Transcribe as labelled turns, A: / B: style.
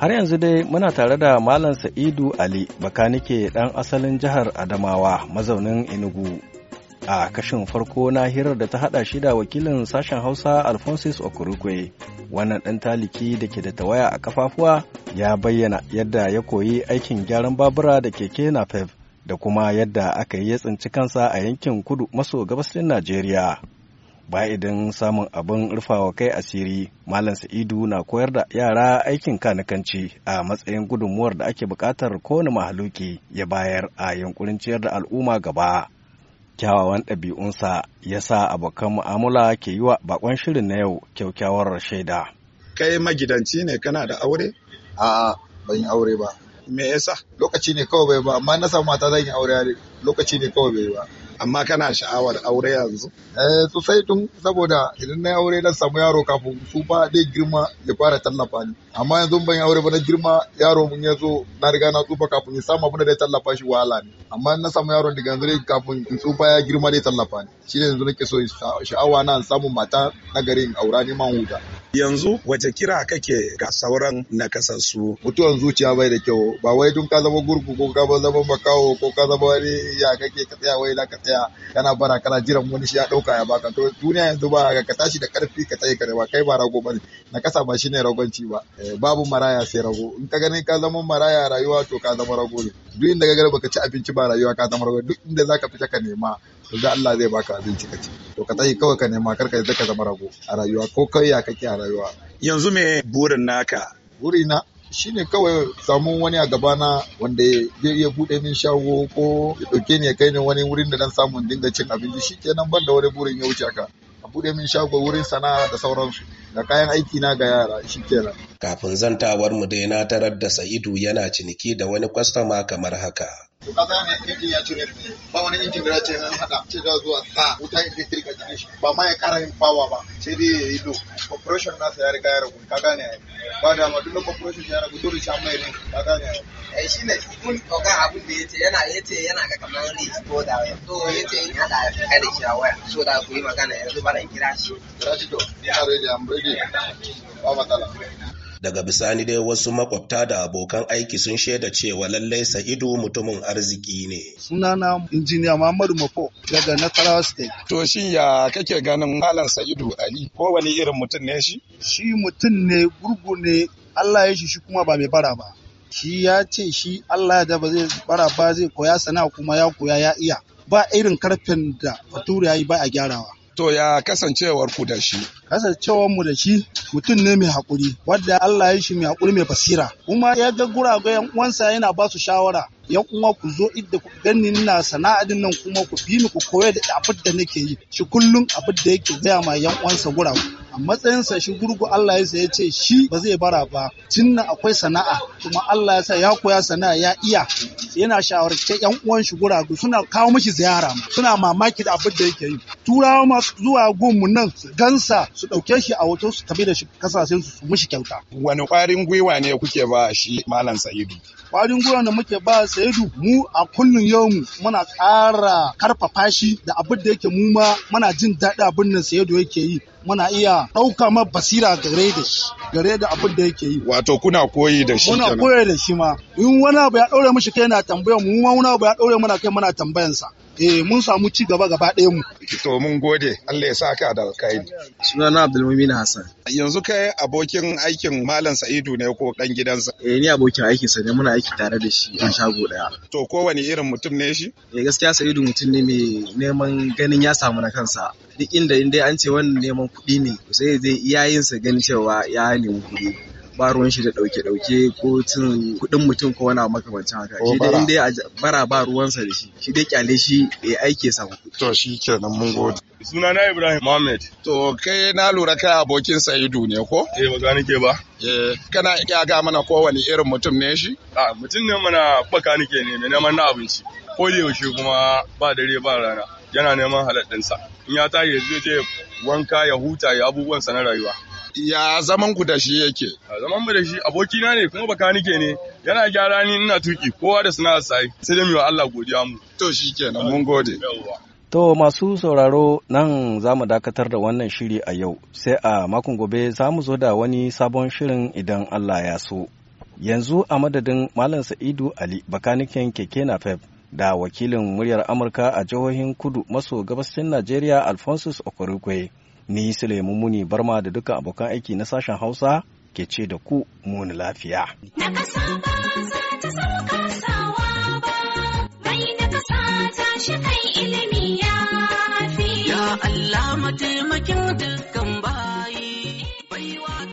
A: Har yanzu dai muna tare da Malam Sa'idu Ali bakanike ɗan asalin jihar Adamawa mazaunin Enugu. A kashin farko na hirar da ta haɗa shi da wakilin sashen Hausa Alphonsus Okurukwe. Wannan ɗan taliki da ke da tawaya a kafafuwa ya bayyana yadda ya koyi aikin gyaran babura da keke napep da kuma yadda aka yi ya tsinci kansa a yankin kudu maso gabasin Najeriya. ba idan samun abin rufawa kai asiri malam sa'idu na koyar da yara aikin kanikanci a matsayin gudunmuwar da ake bukatar kowane mahaluki ya bayar a yankurin ciyar da al'umma gaba kyawawan ɗabi'unsa ya sa abokan mu'amala ke yi wa bakon shirin na yau kyaukyawar shaida
B: kai magidanci ne kana da aure a'a ban yi aure ba me yasa lokaci ne kawai bai ba amma na samu mata zan yi aure lokaci ne kawai bai ba amma kana sha'awar aure yanzu eh sosai tun saboda idan na aure na samu yaro kafin su ba dai girma ya fara tallafa ni amma yanzu ban yi aure ba na girma yaro mun ya zo na riga na tsufa kafin ya samu abin da zai tallafa shi wahala ne amma na samu yaron daga yanzu dai kafin in tsufa ya girma dai tallafa ni shi ne yanzu nake so sha'awa na samun mata na garin aura man huta Yanzu wace kira kake ga sauran nakasassu? Mutuwan zuciya bai da kyau ba wai tun ka zama gurgu ko ka zama makawo ko ka zama wani ya kake ka tsaya wai ka tsaya kana bara kana jiran wani shi ya dauka ya baka to duniya yanzu ba ka tashi da karfi ka tsaye kare ba kai ba rago bane nakasa ba shine ragonci ba eh, babu maraya sai rago in ka gani ka zama maraya rayuwa to ka zama rago ne. duk inda ka baka ci abinci ba rayuwa ka zama rago duk inda zaka fita ka nema to da Allah zai baka abinci ka ci to ka tsaye kawai ka nema karka da ka zama rago a rayuwa ko kai ya kake a rayuwa yanzu me burin naka burina shine kawai samun wani a gaba na wanda zai iya bude min shago ko ya dauke ni ya kai ni wani wurin da dan samun dinga cin abinci shikenan ban da wani burin ya wuce ka? buɗe min shago wurin sana'a da sauransu da kayan aiki na ga yara kenan. kafin zantawar mu dai na tarar da Sa'idu yana ciniki da wani kwastama kamar haka To ka gane injin ya cire ba wani injin da ya ce an hada ce da zuwa sa wuta electric a jikin shi ba ma ya kara yin power ba sai dai ya yi low corporation nasa ya riga ya ragu ka gane ya ba da ma duk corporation ya ragu dole shi an mai ne, ka gane ya eh shi ne mun oga abin da yace yana yace yana ga kamar ne ko da waya to yace in hada ka da shi a waya so da ku yi magana yanzu ba da kira shi kira shi to ni are da am ready ba matsala Daga bisani dai wasu makwabta da abokan aiki sun shaida cewa
C: lallai Sa'idu mutumin arziki ne. Sunana injiniya Muhammadu Mafo daga Nasarawa State. To shi ya kake ganin halin Sa'idu Ali ko wani irin mutum ne shi? Shi mutum ne gurgu ne Allah ya shi shi kuma ba mai bara ba. Shi ya ce shi Allah ya ba zai bara ba zai koya sana'a kuma ya koya ya iya. Ba irin karfin da Bature ya yi ba a gyarawa. To ya kasancewar ku da shi? Kasancewar mu da shi mutum ne mai hakuri wadda Allah ya shi mai hakuri mai basira kuma ya ga gurago yan uwansa yana ba su shawara yan uwa ku zo idda ku ganni na din nan kuma ku bi ni ku koyar da abin da nake yi shi kullum abin da yake gaya ma yan uwansa gurago. matsayinsa shi gurgu Allah ya ya ce shi ba zai bara ba tunna akwai sana'a kuma Allah ya sa ya koya sana'a ya iya yana shawarce yan uwan shi guragu suna kawo mishi ziyara suna mamaki da abin da yake yi turawa masu zuwa gunmu nan su gansa su dauke shi a hoto su tafi da shi kasashen su mishi kyauta wani kwarin gwiwa ne kuke ba shi malam Sa'idu kwarin gwiwa da muke ba Sa'idu mu a kullun yau muna ƙara karfafa shi da abin da yake mu ma muna jin daɗi abin nan Sa'idu yake yi muna iya ɗauka ma basira gare da shi gare da abin da yake yi wato kuna koyi da shi muna koyi da shi ma in wani abu ya ɗaure mishi kai na tambayar mu ma wani abu ya ɗaure mana kai muna tambayansa eh mun samu ci gaba gaba ɗaya mu
B: to mun gode Allah ya saka da alkhairi
A: sunana Abdulmumin Hassan
B: yanzu kai abokin aikin Malam Sa'idu ne ko ɗan gidansa eh ni abokin aikin sa ne muna aiki tare da shi a shago ɗaya.
A: to kowane irin mutum ne shi eh gaskiya Sa'idu mutum ne mai neman ganin ya samu na kansa duk inda in dai an ce wannan neman kuɗi ne sai zai iyayensa ganin cewa ya nemi kuɗi ba ruwan shi da dauke dauke ko cin kudin mutum ko wani makamancin haka shi dai inda ya bara ba ruwansa da shi shi dai kyale shi ya aike sa to shi kenan mun gode
C: suna na Ibrahim Mohammed. To kai na lura kai abokin Sa'idu ne ko? Eh ba gani ke ba. Eh kana iya ga mana wani irin mutum ne shi? A mutum ne mana baka nake ne mai neman na abinci. Ko da yaushe kuma ba dare ba rana yana neman halal ɗinsa. In ya tashi zai je wanka ya huta ya abubuwan sa na rayuwa. ya
A: zaman ku da shi yake
C: zaman mu da shi abokina ne kuma bakanike ne yana gyara ni ina tuki kowa da suna sai sai dai wa Allah godiya mu to shikenan mun gode
A: To masu sauraro nan za mu dakatar da wannan shiri a yau sai a makon gobe za mu zo da wani sabon shirin idan Allah ya so. Yanzu a madadin Malam Sa'idu Ali bakaniken keke na Napep da wakilin muryar Amurka a jihohin kudu maso gabashin Najeriya Alphonsus Okorukwe ni Suleiman Muni Barma da duka abokan aiki na sashen Hausa ke ce da ku muni lafiya. Na